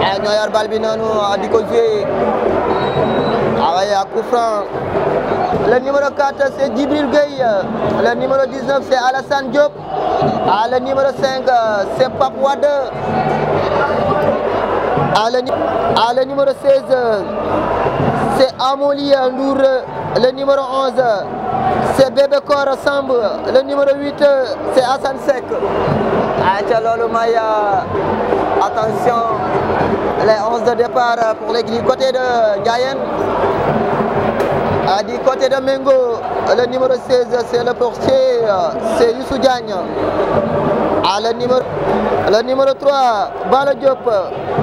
Eh, ñoo yor bal bi noonu ah, di ko a ah, waaye à coup franc le numéro 4 c' est Djibril Gueye numéro 19 c' est Alassane Diop ah le numéro 5 c' est Pape Wade ah, ah numéro 16 c' Amoli Ndour le numéro 11 c' Bébé Kor Samb le numéro 8 c' est Assane Seck ah ca Attention, les 11 de départ pour les du côté de A ah, Du côté de Mengo, le numéro 16, c'est le portier, euh, c'est Youssou Diagne. À le numéro, 3, Bala Diop.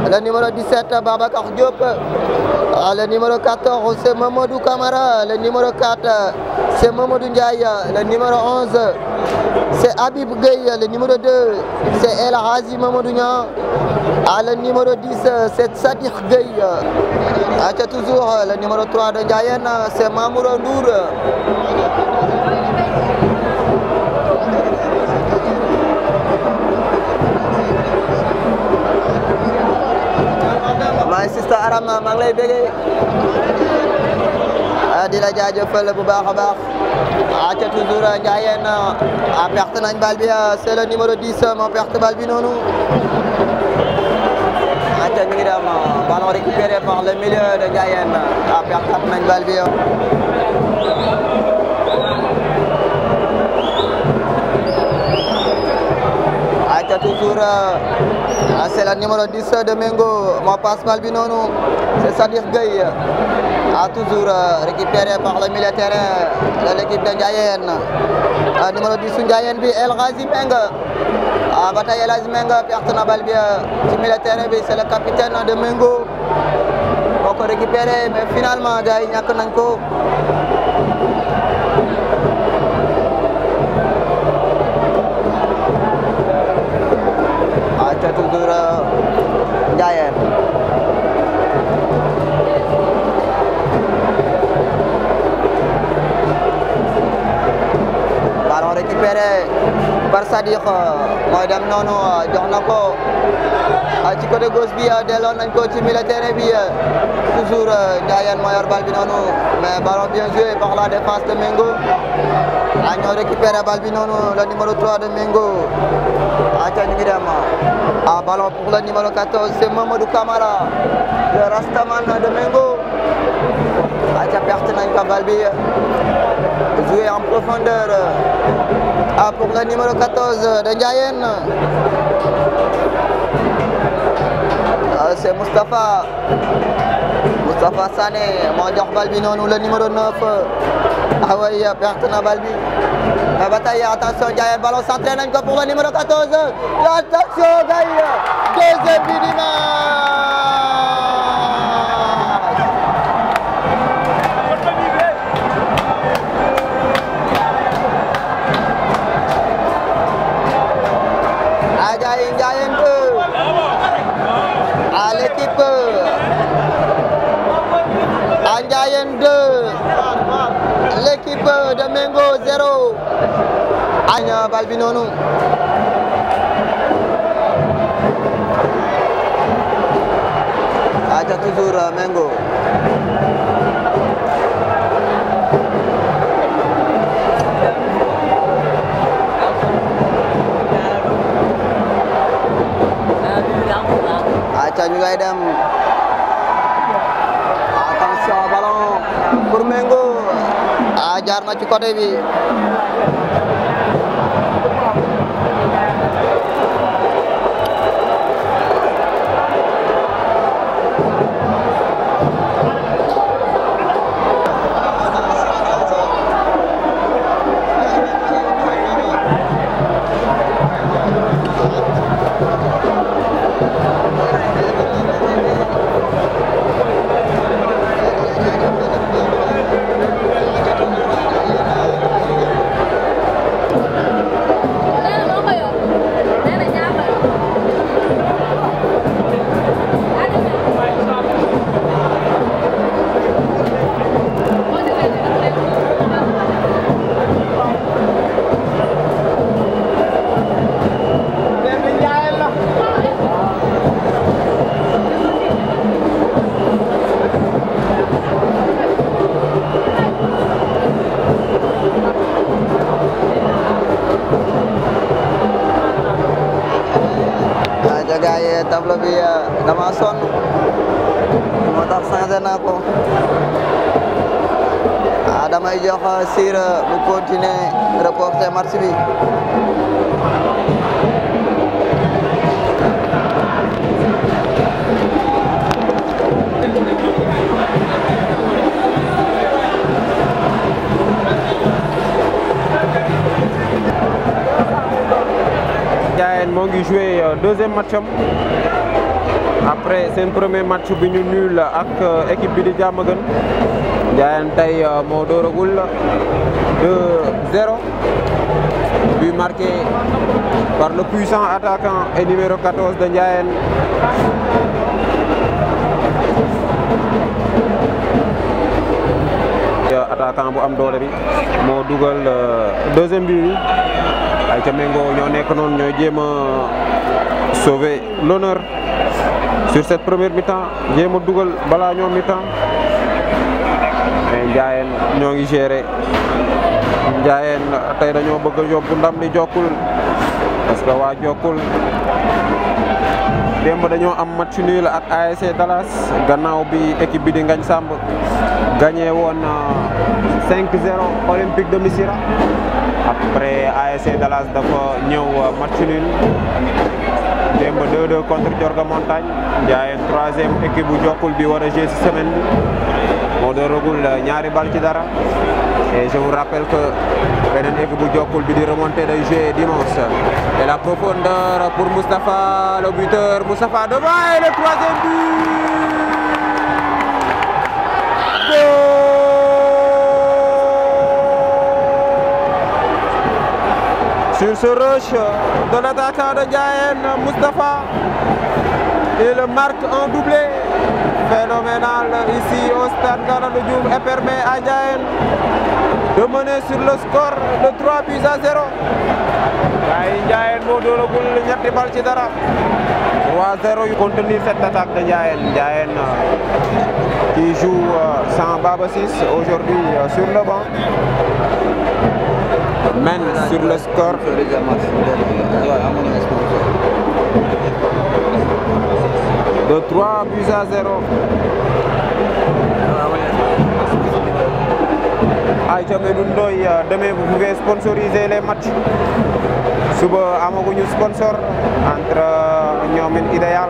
Le numéro 17, Babacar Diop. À le numéro 14, c'est Mamadou Kamara. Le numéro 4, c'est Mamadou Ndiaye. Le numéro 11, c'est Habib Gueye. Le numéro 2, c'est El Azim Mamadou Nian. À le numéro 10, c'est Sadiq Gueye. À toujours, le numéro 3 de Ndiaye, c'est Mamouro Ndour. waaye sista Arama maa ngi lay bëggee ah, di la jaajëfal bu baax a baax ah ca toujours euh, Ndiayeen ah perte nañ bal bi euh, c'est le numéro 10 euh, mo perte bal bi noonu ah ca ñu ngi dem ballon récupéré par le milieu de Ndiayeen a ah, perte nañ bal bi ah ca toujours. ah c'est la numéro 10 euh, de Mengo moo passe bi noonu c'est Sadikh Gueye a toujours euh, récupéré par le milieu de terrain de l'équipe de Ndiayène ah, numéro 10 Ndiayène bi El Ghazi Menga ah ba El Ghazi Menga perte na balle bi euh, ci milieu de bi c'est le capitaine de Mengo moo ko finalement gars yi ko ada kultura penyair Para orang que pere par Sadikh mooy dem noonu jox na ko ci côté gauche bi delloo nañ ko ci milieu terrain bi toujours Ndiayane euh, moo yor bal bi noonu mais ballon bien joué par la défense de Mengo a ñoo récupéré bal bi noonu le numéro 3 de Mengo aca ñu ngi dem a ballon pour le numéro 14 c'est Mamadou Camara le Rastaman de Mengo aca perte nañ ko bal Jouer en profondeur ah pour le numéro 14 de Gaïen. Ah, c'est Mustapha. Moustapha Sané Mandar Balbinon ou le numéro 9 ah oui perte na la bataille attention Gaïen, ballon centré pour le numéro 14 attention Gaïen, deuxième minimum Bandayen 2, l'équipe de Mengo 0. Anya Balbinonu Aja toujours eh, Mengo. Ya Aja juga idam. jaar na ci côté bi क्या ये तबला भी नमासन sangat enak kok ada may jox sir bu continuer reporter marché bi Thank you. qui jouait joué deuxième match après c'est un premier match bi nul avec euh, équipe bi di Diamaguène euh, de 2-0 but marqué par le puissant attaquant et numéro 14 de Ndiaye. Euh, attaquant bu am doole bi deuxième but ay ca Mengo ñoo nekk noonu ñoo jéem a sauver l'honneur sur cette première mi-temps jéem a dugal balaa ñoom mi-temps ñoo ngi gérer Ndiayeen tey dañoo bëgg a yóbbu ndam li jokkul parce que waa jokkul démb dañoo am match nul ak ASC Dallas gannaaw bi équipe bi di Ngagne Samb gagné woon 5-0 euh, Olympique de Missirah après ASC Dallas dafa le euh, match nul 2-2 contre Jorga Montagne une troisième équipe de Jokul qui war a semaine bi moo euh, ñaari Baltidara. dara et je vous rappelle que beneen équipe bu Jokul bi di dimanche et la profondeur pour Moustapha le buteur Moustapha devant et le troisième but Sur ce rush de l'attaquant de Gaël, Mustapha, il marque un doublé phénoménal ici au stade de et permet à Gaël de mener sur le score de 3 buts à 0. dara 3-0 il continue cette attaque de Ndiaye Ndiaye euh, qui joue euh, sans barbe aujourd'hui euh, sur le banc. mène sur le score. De 3 buts à 0. Aïcha Medoundoy, euh, demain vous pouvez sponsoriser les matchs. Suba amaguñu sponsor entre ñoom euh, Idéal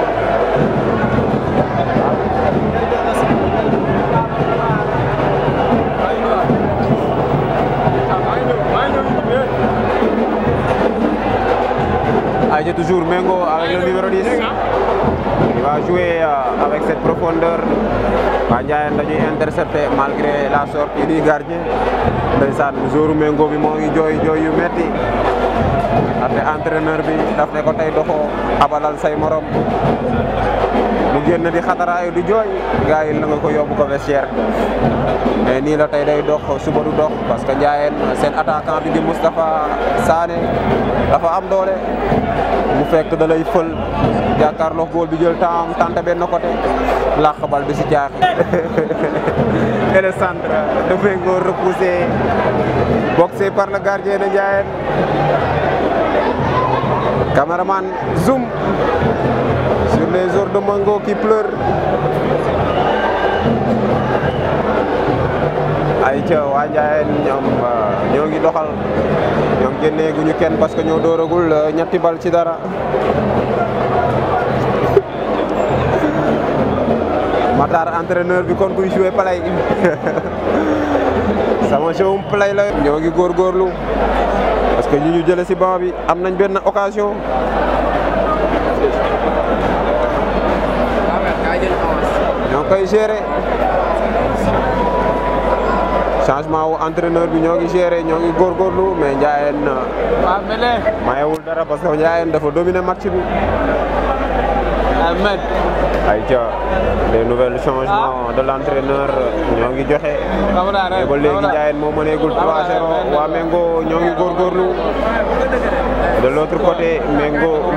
J'ai toujours Mengo avec le numéro 10 il va jouer avec cette profondeur Bandiaen dañuy intercepté malgré la sortie du gardien ça, toujours Mengo bi moo ngi jooy jooy yu metti ndaxte entraîneur bi daf ne ko tey doxoo abalal say morom génn di xataraayu di jooy gars yi la ko yóbbu ko vestiaire mais nii la tey day dox suba du dox parce que njaayeen seen attaquant bi di Moustapha Sané dafa am doole mu fekk da lay fël jàkkaarloo góol bi jël temps am tante benn côté làq bal bi si jaaxi et le centre dafay nga repoussé par le gardien de njaayeen cameraman zoom les heures de mango qui pleurent ay ca waa Njaayeen ñoom ñoo ngi doxal ñoom génneeguñu kenn parce que ñoo dooragul ñetti bal ci dara Matar entraîneur bi kon kuy jouer play sama show play la ñoo gor góorgóorlu parce que ñu ñu jël ci banc bi am nañ ben occasion koy gérer changement wu entraîneur bi ñoo ngi gérer ñoo ngi góorgóorlu mais Ndiayène mayewul dara parce que Ndiayène dafa dominer match bi. Ahmed. ayca les nouvelles changements ah. de l' ñoo ngi joxe. mais ba léegi Ndiayène moo mëneegul 3-0 waa Mengo ñoo ngi góorgóorlu. de l' autre côté lu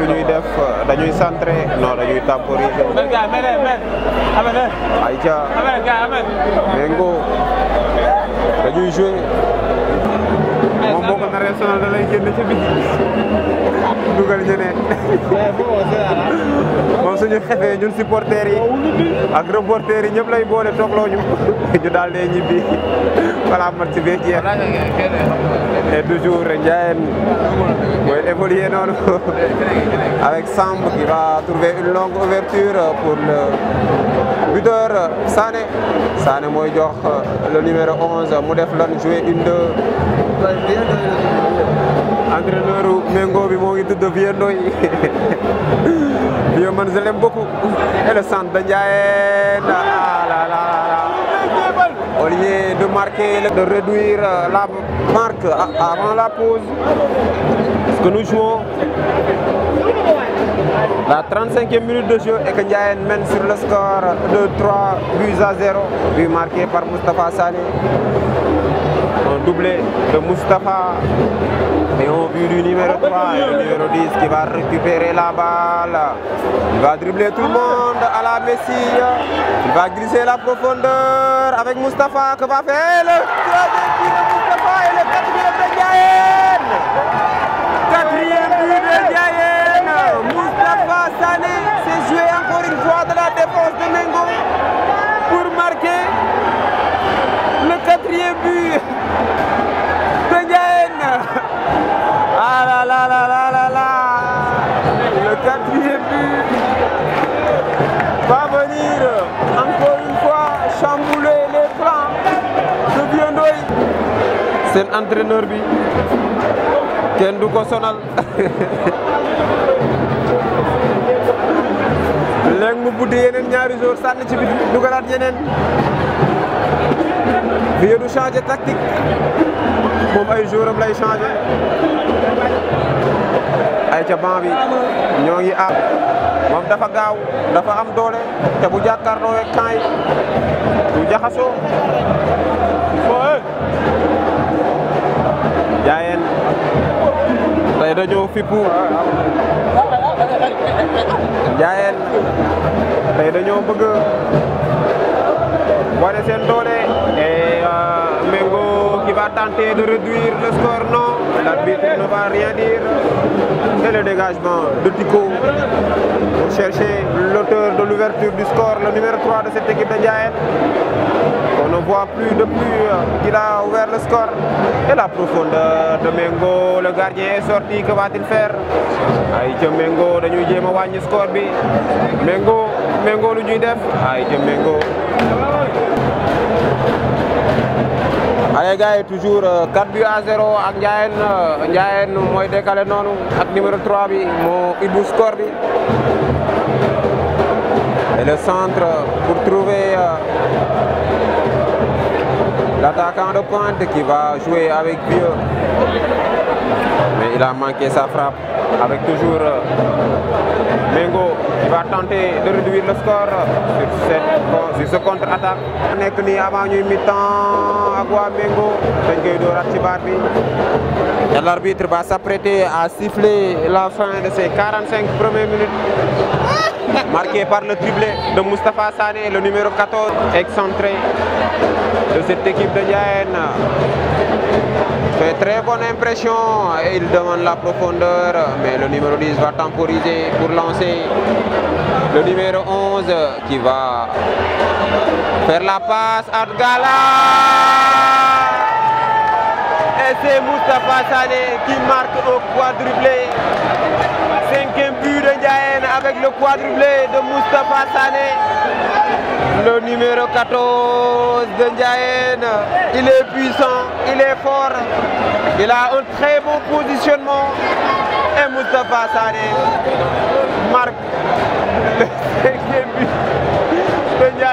ñuy def dañuy centré non dañuy temporiser. ayca Mengo dañuy joué moom boo ko naree sonal da lay génn ca biti dugal ñeneen moom suñu xefee ñun supporters yi ak ñëpp lay boole toogloo ñu ñu daal dee ñibbi balaa mat si et toujours Ndiaye va évoluer non avec Samb qui va trouver une longue ouverture pour le buteur Sané Sané moi le numéro 11 mu def lan jouer une deux entraîneur Mengo bi de ngi tudd Vieux de Vieux man je l'aime beaucoup et le centre de Ndiaye marquer, de réduire euh, la marque avant la pause. Ce que nous jouons, la 35e minute de jeu et que mène sur le score de 3 buts à 0, vu marqué par Mustapha Saleh. Un doublé de Mustapha mais au but du numéro 3, le numéro 10 qui va récupérer la balle. Il va dribbler tout le monde à la Messi. Il va glisser la profondeur avec Mustapha que va faire le seen entraîneur bi kenn du ko sonal léegi mu buddi yeneen ñaari jour sànni ci biti dugalaat yeneen Vieux du changé tactique moom ay jour am lay changé ay ca banc bi ñoo ngi am dafa gaaw dafa am doole te bu jàkkaarloo ak temps yi du jaxasoo tey et euh, Mengo qui va tenter de réduire le score non l'arbitre ne va rien dire c'est le dégagement de Tico pour chercher l'auteur de l'ouverture du score le numéro 3 de cette équipe de Jaël voit plus de plus. Euh, Il a ouvert le score. Et la profondeur de Mengo, le gardien est sorti. Que va-t-il faire Aïe, Mengo, de nous jéem a score bi. Mengo, Mengo le ñuy aïe Aïcha Mengo. Allez gars toujours 4 euh, buts à 0 ak Ndiayène euh, Ndiayène mooy décalé non. ak numéro 3 bi mon score Et le centre pour trouver l'attaquant de pointe qui va jouer avec Vieux. Mais il a manqué sa frappe avec toujours euh, Mengo qui va tenter de réduire le score sur, ce contre-attaque. On est avant une mi-temps, Agua Mengo, L'arbitre va s'apprêter à siffler la fin de ses 45 premières minutes. Marqué par le triplé de Mustapha Sané, le numéro 14, excentré de cette équipe de Diane. Fait très bonne impression, et il demande la profondeur, mais le numéro 10 va temporiser pour lancer le numéro 11 qui va faire la passe à Gala. Et c'est Moustapha Sané qui marque au quadruplé. Cinquième but de Diane avec le quadruplé de Moustapha Sané le numéro 14 de Il est puissant, il est fort, il a un très bon positionnement. Et Moustapha Sane marque le but de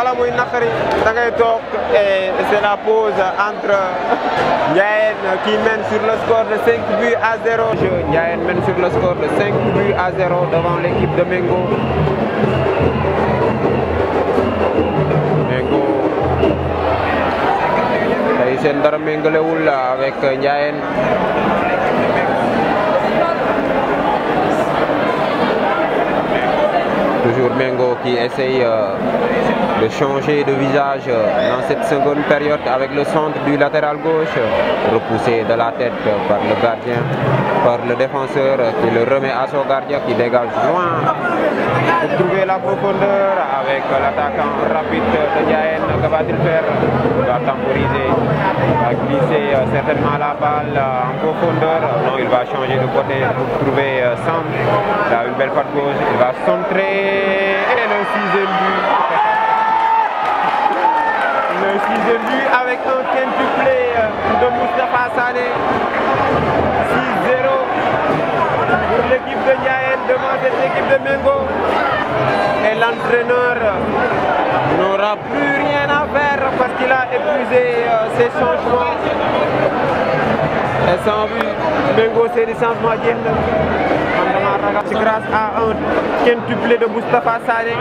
et c'est la pause entre Ndiayène qui mène sur le score de 5 buts à 0. Yaen mène sur le score de 5 buts à 0 devant l'équipe de Mengo. Mengo. avec qui essaye euh, de changer de visage euh, dans cette seconde période avec le centre du latéral gauche, repoussé de la tête par le gardien, par le défenseur qui le remet à son gardien qui dégage loin pour trouver la profondeur avec l'attaquant rapide de Yaen que va-t-il faire va temporiser, va glisser euh, certainement la balle en profondeur. Non, il va changer de côté pour trouver Il a une belle porte gauche, il va centrer. Le 6 avec un quintuplet euh, de Moustapha Sané. 6-0 pour l'équipe de Niaël devant cette équipe de Mengo. Et l'entraîneur n'aura plus rien à faire parce qu'il a épuisé euh, ses changements. Et sans but, Mengo, c'est des c'est grâce à un quintuplet de Mustafa Sade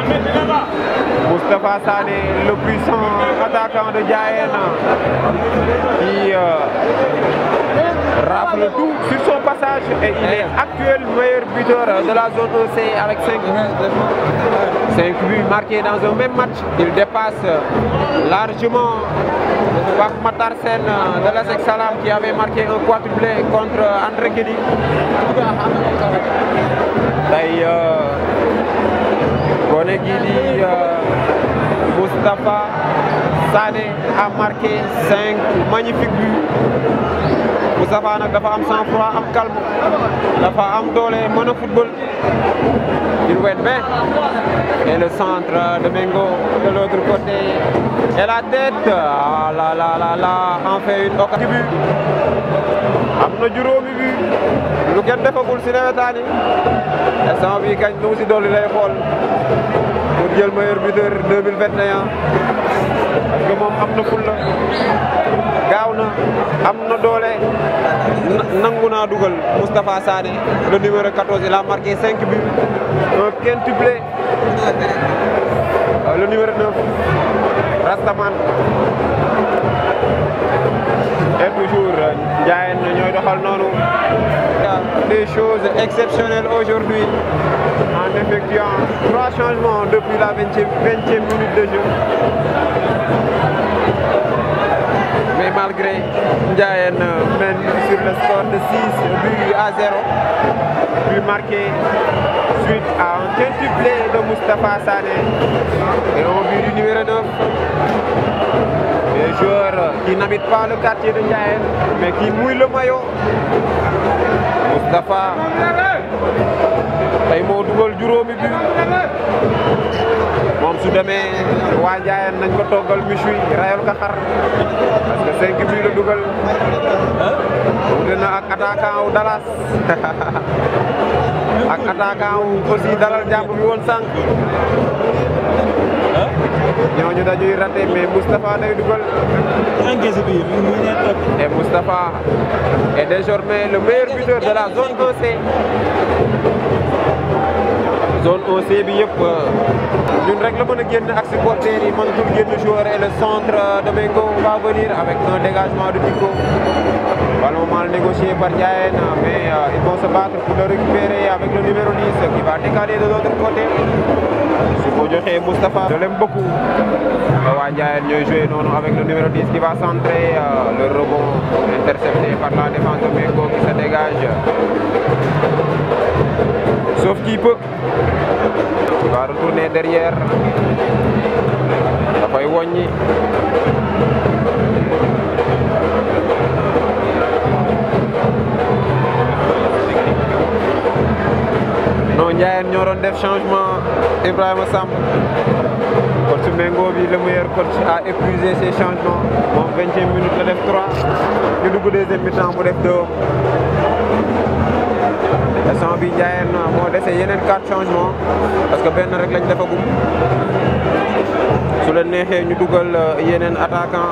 Mustafa Sane, le puissant attaquant de Jaël rafle tout sur son passage et il est actuel meilleur buteur de la zone OC avec 5 buts marqués dans un même match. Il dépasse largement Pape Matarsen de la Salam qui avait marqué un quadruplé contre André Kelly. D'ailleurs, Bonegili, euh, Sané a marqué 5 magnifiques buts. Moustapha nag dafa am sang-froid am calme dafa am doole mën football il wet bien et le centre de Mengo de l'autre côté et la tête ah là là là là en fait une occasion bi am na juróomi bi lu kenn defagul si nawetaan yi instant bii kañ nu mu si lay xool pour jël meilleur buteur 2021 parce que mom amna na ful gaaw Amna Nanguna doole le numéro 14 il a marqué 5 buts un quintuplet, euh, le numéro 9 Rastaman et toujours Ndiayène ñoy doxal nonu des choses exceptionnelles aujourd'hui en effectuant trois changements depuis la 20e minute de jeu Ndiayen mène sur le score de 6 buts à 0. But marqué suite à un quintuplé de Mustapha Sané et au but du numéro 9. Des joueur qui n'habite pas le quartier de Ndiayen mais qui mouille le maillot. Mustapha tey moo dugal juróomi bi moom su demee waa Njaayeen nañ ko toggal méchoui rayal ka xar parce que cinq bi la dugal wute na ak attaquant wu Dallas ak attaquant wu aussi dalal jàpp bi woon sànq ñooñu dañuy raté mais Moustapha day dugal. et Moustapha est désormais le meilleur buteur de la zone 2 zone O.C. bi yep euh, ñun rek la est à génn ak supporters yi mën tul joueur et le centre euh, de Mengo va venir avec un dégagement de Pas ballon mal négocié par Diaen mais euh, ils vont se battre pour le récupérer avec le numéro 10 qui va décaler de l'autre côté que Moustapha je l'aime beaucoup On va jouer joué avec le numéro 10 qui va centrer le rebond intercepté par la défense de Mengo qui se dégage l'équipe. Il va retourner derrière. dafay wàññi. non Ndiayeen ñoo doon def changement Ibrahima Samb. coach Mengo bi le meilleur coach a épuisé ses changements moom 25 minutes la def 3 ñu dugg deuxième bu def 2. instant bi Ndiayène moo dese yeneen quatre changements parce que benn rek lañ defagum su la neexee ñu dugal euh, yeneen attaquant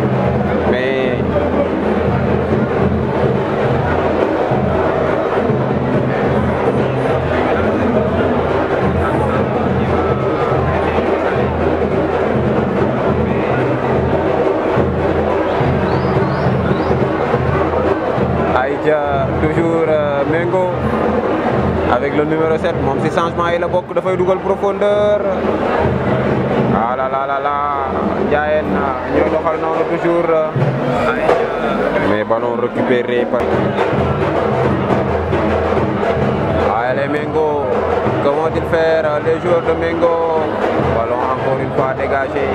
toujours euh, Mengo avec le numéro 7 même si changement est la feuille dafay gol profondeur ah là là là là Ndiaye nous euh, doxal non toujours euh, mais ballon récupéré par ah, les Mengo comment il faire les joueurs de Mengo ballon encore une fois dégagé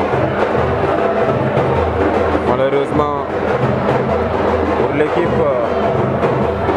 malheureusement pour l'équipe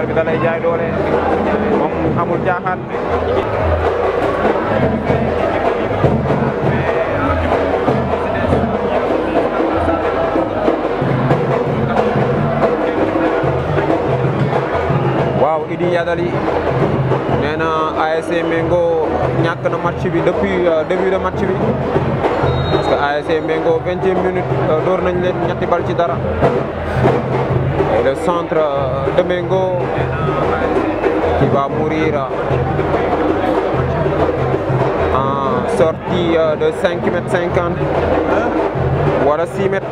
Kita que da lay jaay doole moom amul caaxaan. waaw Idi Yadali nee na Mengo ñàkk na match bi depuis début de match bi parce que Mengo minute door nañ ñetti bal ci dara. le centre euh, de qui va mourir euh, en sortie euh, de 5 m 50 voilà 6 mètres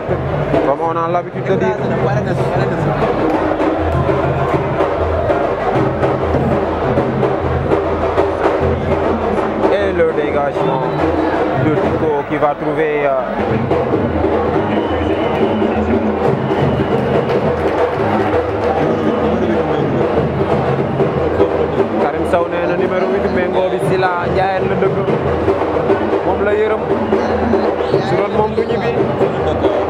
comme on a l'habitude de dire. Et le dégagement de Tico qui va trouver Xaadim Sow nee na numéro 8 mengo bi Sila Njaayeen na deug mom la yërëm su doon mom bu ñibbi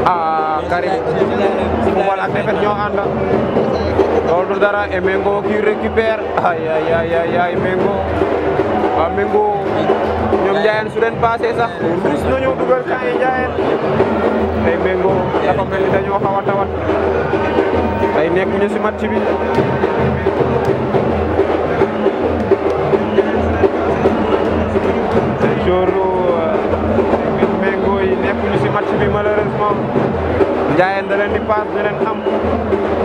ah Karim football wala defet ño ànd lol du dara e mengo ki récupère ay ay ay ay ay méngoo waaw méngoo ñoom Njaayeen su den passé sax ruus na ñëw dugal kan yi Njaayeen tey méngoo dafa mel ni dañoo xaw tawat ay nekk ñu ci match bi Thioro mit méngoo yi nekkuñu si match bi malheureusement Ndiayène da leen di paas ñu leen am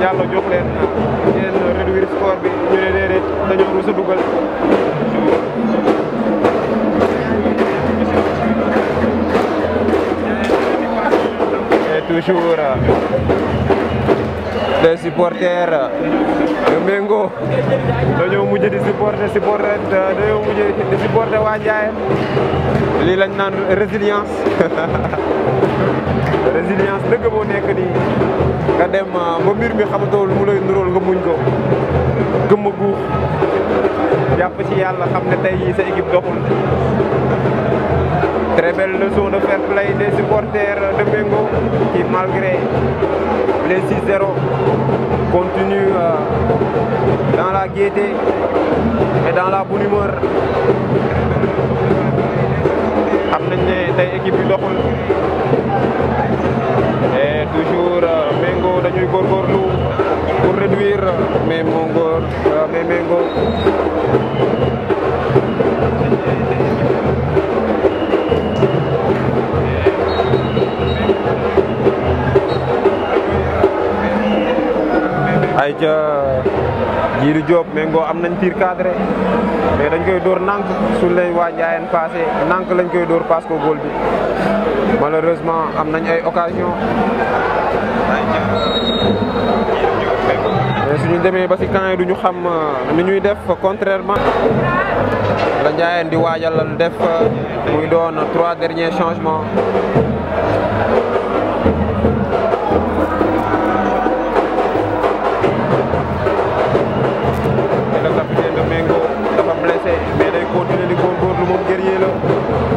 yàlla jox leen ngeen réduire score bi ñu ne déedéet dañoo rus a dugal toujours euh, les supporters de Mengo dañoo mujj di supporter supporter dañoo mujj di supporter waa Ndiayène lii lañ naan résilience résilience dëgg nekk nii nga dem ah, ba mbir mi xamatoo lu mu lay nuróol nga muñ ko gëmm jàpp ci yàlla xam ne tey yi sa équipe doxul très belle de fair play des supporters de Mengo qui malgré les 6-0 continuent euh, dans la gaieté et dans la bonne humeur. Après j'ai équipe bi et toujours euh, Mengo dañuy góorgóorlu pour réduire mais mongols, euh, mais ay ca Jiiru Jóob méngoo am nañ tir cadré mais dañ koy dóor nànk suñ leen waa Njaayeen passé nànk lañ koy dóor passe ko góol bi malheureusement am nañ ay occasion mais suñu demee ba si camp yi duñu xam euh, ni ñuy def contrairement la Njaayeen di waajal def euh, muy doon trois derniers changement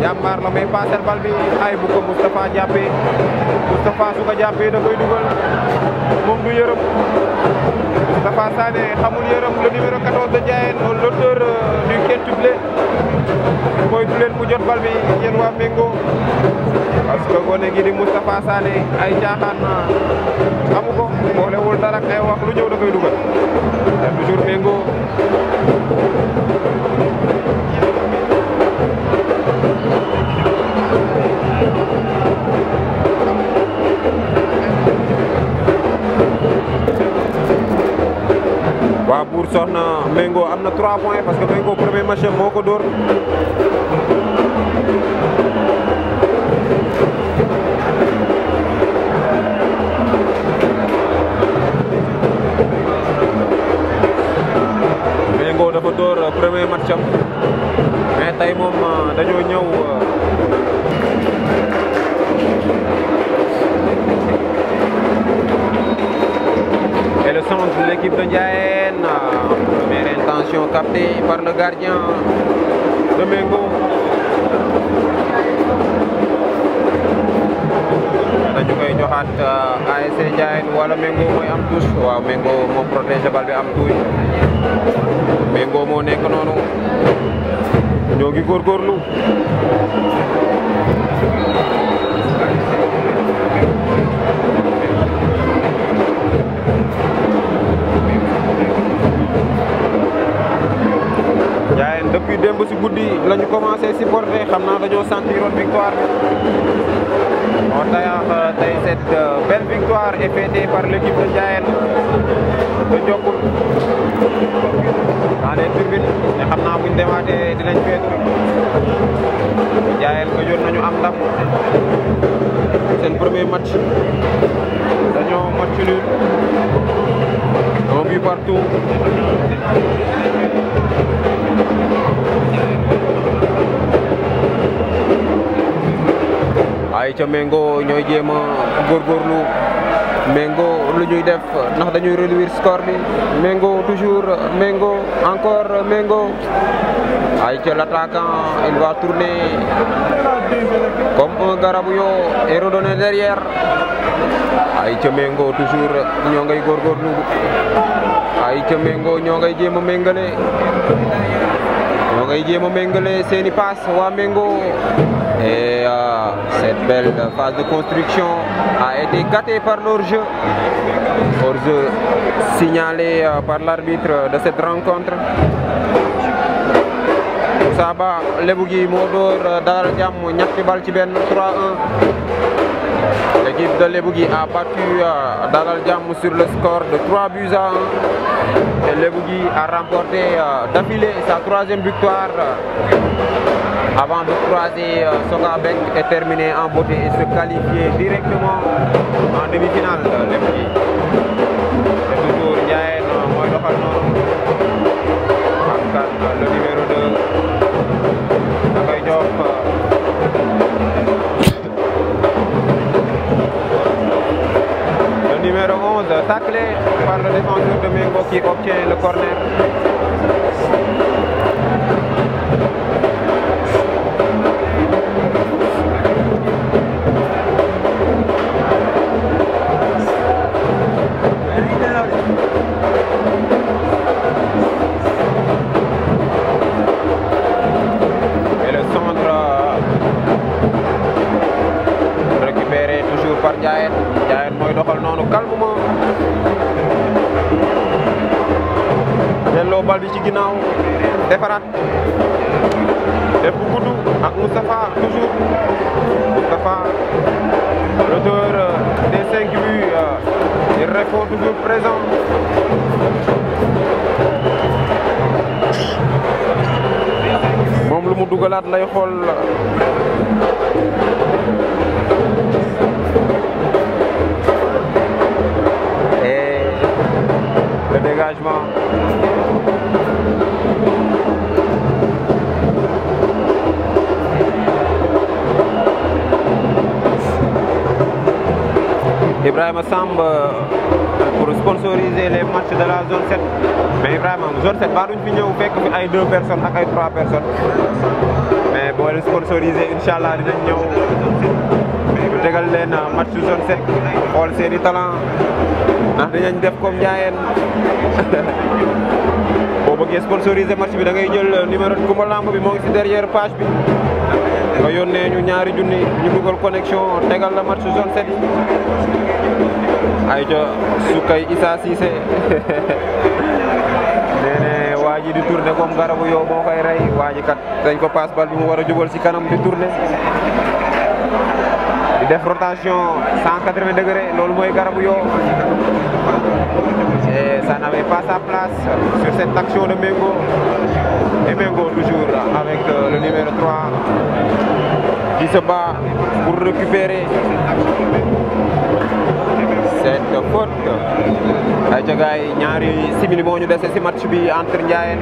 Jamar lo mepa passer balbi, ay bu Mustafa jape, Mustafa suka jape ko da koy dugal mom du yërëm mustafa sane xamul yërëm le numero 14 de Diayène l'auteur du quintuple koy du len mu jot balbi yen wa Mengo parce que gone gi di mustafa sane ay caaxaan amu ko boolewul dara kay wax lu ñew da koy dugal te toujours Mengo pour soxna euh, Mengo am na trois points parce que Mengo premier match moo ko dóor. Mengo dafa dóor premier match gardien de Mengo dañu koy joxaat euh, ASC Ndiayène wala Mengo mooy am touche waaw Mengo moo protégé bal bi am touche Mengo moo nekk noonu ñoo ngi góorgóorlu depuis démb si guddi lañu ñu commencé supporter xam naa dañoo sentiroon victoire bi on a tey cette euh, belle victoire est par l'équipe de Ndiayène de Diokoul dans les tribunes xam naa buñ demaatee dinañ feet Ndiayène ko yoon nañu am ndam seen premier match dañoo match nul un but partout ca Mengo ñooy jéem a góorgóorlu Mengo lu ñuy def ndax dañuy reluire score bi Mengo toujours Mengo encore Mengo ay ca l'attaquant il va tourner comme un garabouillon et redonner ay ca Mengo toujours ñoo ngay góorgóorlu ay ca Mengo ñoo ngay jéem a méngale ñoo ngay jéem a méngale seeni paas waa Mengo Et euh, cette belle phase de construction a été gâtée par leur jeu. signalé euh, par l'arbitre de cette rencontre. Ça va. Les bougies, Diam euh, ñatti bal ci 3-1. L'équipe de Lebougui a battu dans euh, Dalal sur le score de 3 buts à 1. Et a remporté euh, d'affilée sa troisième victoire euh, avant de croiser Bek et terminer en beauté et se qualifier directement en demi-finale tacler par le défenseur de Mingo qui obtient le corner. não é para bu é para ah, ak Moustapha toujours Moustapha l'auteur eh, des 5 buts il répond toujours présent moom lu mu dugalaat lay xool Ibrahima Samb pour sponsoriser les matchs de la zone 7 mais Ibrahima zone 7 baa duñ fi ñëw fekk fi ay deux personnes ak ay trois personnes mais boo leen sponsoriser incha allah dinañ ñëw bu tegal leen match zone 7 xool seeni talent ndax dinañ def comme Ndiayeen boo bëggee sponsoriser match bi da ngay jël numéro Kumba Lamb bi moo ngi si derrière page bi. nga yónnee ñu ñaari junni ñu dugal connexion tegal la match zone 7 ay jo su kay Issa nee ne waa ji di tourné comme garabu yow moo koy rey waa ji kat dañ ko paas bal bi mu war a jubal si kanam di tourné di def rotation 180 degré loolu mooy garabu yow Et eh, ça n'avait pas sa place sur cette action de Mengo. Et Mengo toujours avec euh, le numéro 3 qui se bat pour récupérer cette faute. Aïdjagaï, Nyari, 6 millions de match entre Ndiaye.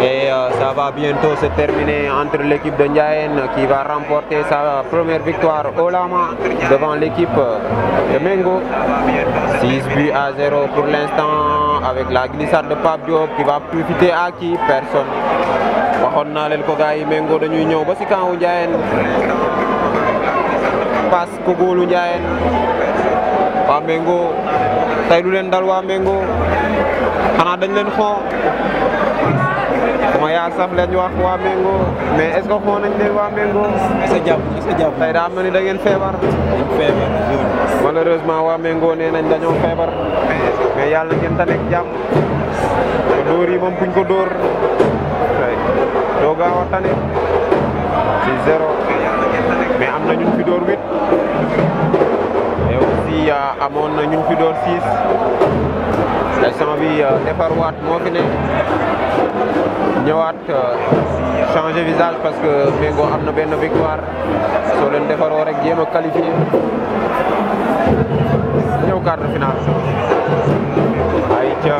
Et euh, ça va bientôt se terminer entre l'équipe de Ndiaen qui va remporter sa première victoire au Lama devant l'équipe de Mengo. 6 buts à 0 pour l'instant avec la glissade de Pape Diop qui va profiter à qui Personne. On a leen ko gars Mengo dañuy ñëw ba pas Ndiaen pass ko góolu Ndiaen Mengo tey lu Mengo yaa saf leen wax waa Mengo mais est ce que xoo nañ leen waa Mengo. est ce que jàpp est ce que jàpp. daa mel ni da feebar. dañ feebar malheureusement waa Mengo nee nañ dañoo feebar. mais yàlla ngeen taneeg jàmm. te dóor yi moom buñ ko dóor. doo gaaw a tane. ci zéro. mais am na ñun fi dóor huit. et aussi euh, amoon na ñun fi dóor six. station bi euh, defarwaat moo fi ne. ñëwaat euh, changer visage parce que Mengo am na benn victoire soo leen defaroo rek jéem a qualifié ñëw quart de finale ay ca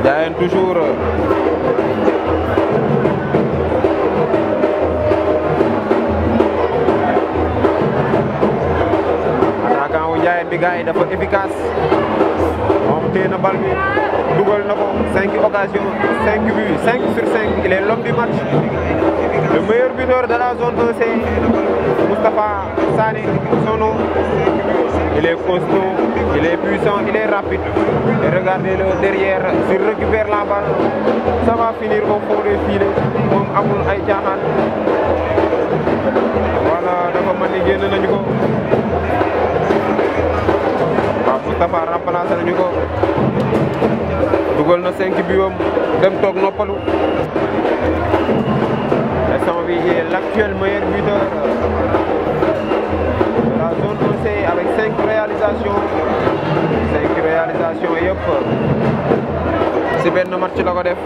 Ndiayène toujours Il gars efficace On tient la balle, bi na cinq occasions. cinq buts cinq sur cinq il est l'homme du match le meilleur buteur de la zone 2, c'est Moustapha Son nom. il est costaud il est puissant il est rapide regardez le derrière Il récupère la balle ça va finir au fond des filets Comme amul ay Voilà, voilà dafa mel ni génn nañu ko Pape Moustapha remplacé nañu ko dugal na 5 biom dem toog noppalu instant bi il est l'actuel meilleur buteur de la zone 1C avec 5 réalisations 5 réalisations yëpp si benn match la ko def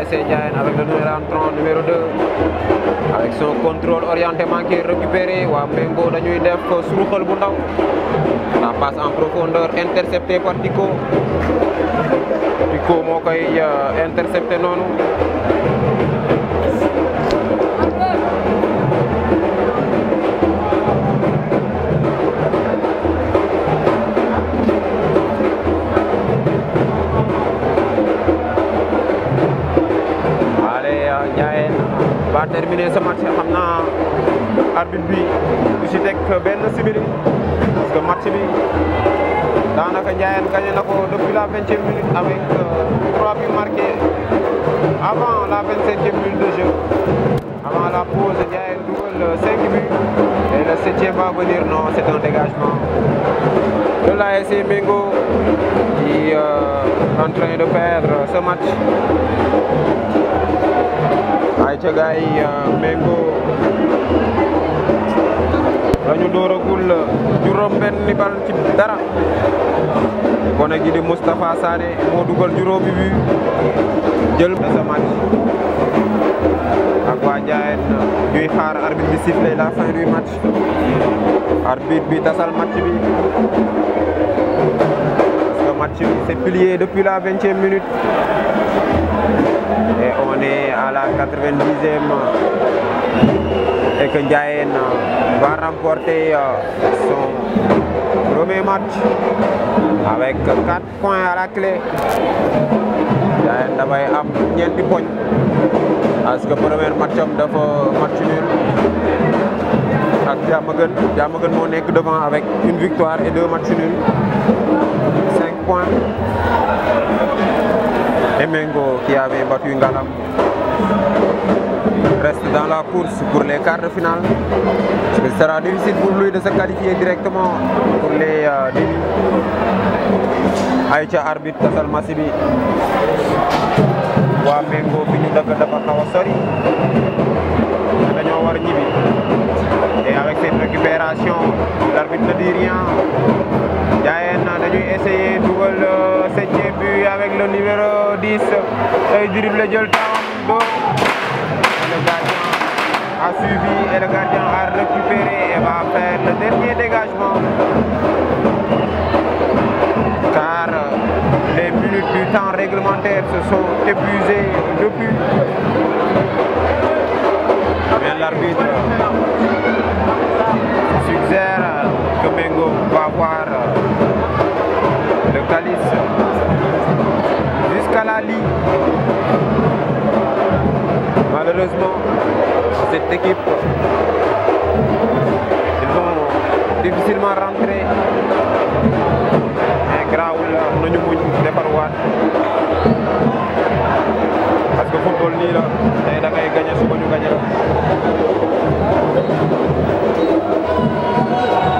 l'ASC Ndiayène avec le numéro 30 numéro 2 avec son contrôle orienté manqué récupéré waa Mengo bu ndaw la en profondeur intercepté par Diko Diko moo koy euh, intercepté noonu ce match. Je suis arbitre. Je suis avec Ben Sibiri. Parce que le match est gagné depuis la 20e minute avec euh, trois buts marqués avant la 27e minute de jeu. Avant la pause, il y a un double 5 buts. Et le 7e va venir. Non, c'est un dégagement de la SC Bingo qui euh, est en train de faire ce match. gaay ya, Mengo lañu dooragul juróom benn bal ci dara gone gi di Moustapha Sané moo dugal juróomi bi jël saman ak waa Ndiayène ñuy xaar arbitre bi sifflé la fin du match arbitre bi tasal match bi parce que match bi c'est plié depuis la vingtième minute la 90e et que Ndiayen va remporter euh, son premier match avec 4 points à la clé. Ndiayen dafay am ñeenti poñ parce que premier match dafa match nul ak Diamaguène Diamaguène moo nekk devant avec une victoire et deux matchs nuls 5 points. Emengo qui avait battu Ngalam reste dans la course pour les quarts de finale. Ce sera difficile pour lui de se qualifier directement pour les euh, demi. Aïcha arbitre Kassal Massibi. waa Mengo bi ñu dëkk et avec cette récupération l'arbitre ne dit rien Diayen dañuy essayer le euh, septième but avec le numéro 10 day dribble le temps et le gardien a récupéré et va faire le dernier dégagement. Car les minutes du temps réglementaire se sont épuisées depuis. bien l'arbitre suggère que Mengo va voir cette équipe. Ils vont difficilement rentrer. Mais garaawul nañu muñ defarwaat parce que football nii la tey da ngay gagné suba ñu gagné la.